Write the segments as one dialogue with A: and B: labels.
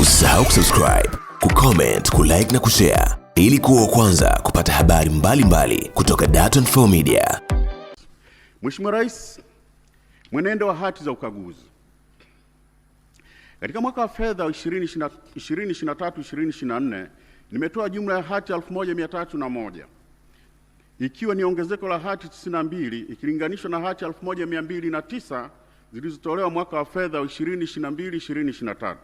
A: Usisahau kusubscribe, kucomment, kulike na kushare ili kuwa kwanza kupata habari mbalimbali mbali kutoka Dar24 Media.
B: Mheshimiwa Rais, mwenendo wa hati za ukaguzi katika mwaka wa fedha 2023/2024 nimetoa jumla ya hati 1301 ikiwa ni ongezeko la hati 92 ikilinganishwa na hati 1209 zilizotolewa mwaka wa fedha 2022/2023.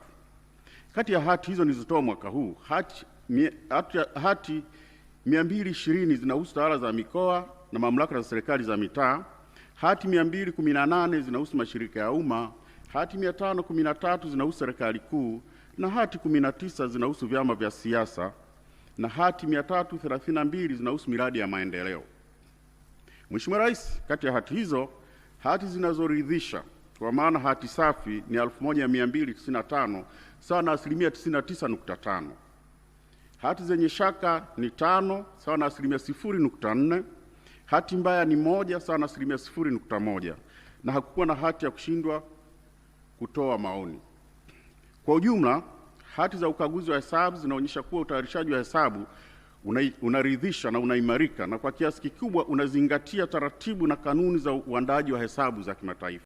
B: Kati ya hati hizo nilizotoa mwaka huu hati, mia hati, ishirini zinahusu tawala za mikoa na mamlaka za serikali za mitaa, hati 218 zinahusu mashirika ya umma, hati tatu zinahusu serikali kuu na hati tisa zinahusu vyama vya siasa na hati mbili zinahusu miradi ya maendeleo. Mheshimiwa Rais, kati ya hati hizo hati zinazoridhisha kwa maana hati safi ni 1295 sawa na asilimia 99.5. Hati zenye shaka ni tano sawa na asilimia 0.4. Hati mbaya ni moja sawa na asilimia 0.1, na hakukuwa na hati ya kushindwa kutoa maoni. Kwa ujumla, hati za ukaguzi wa hesabu zinaonyesha kuwa utayarishaji wa hesabu unaridhisha na unaimarika na kwa kiasi kikubwa unazingatia taratibu na kanuni za uandaji wa hesabu za kimataifa.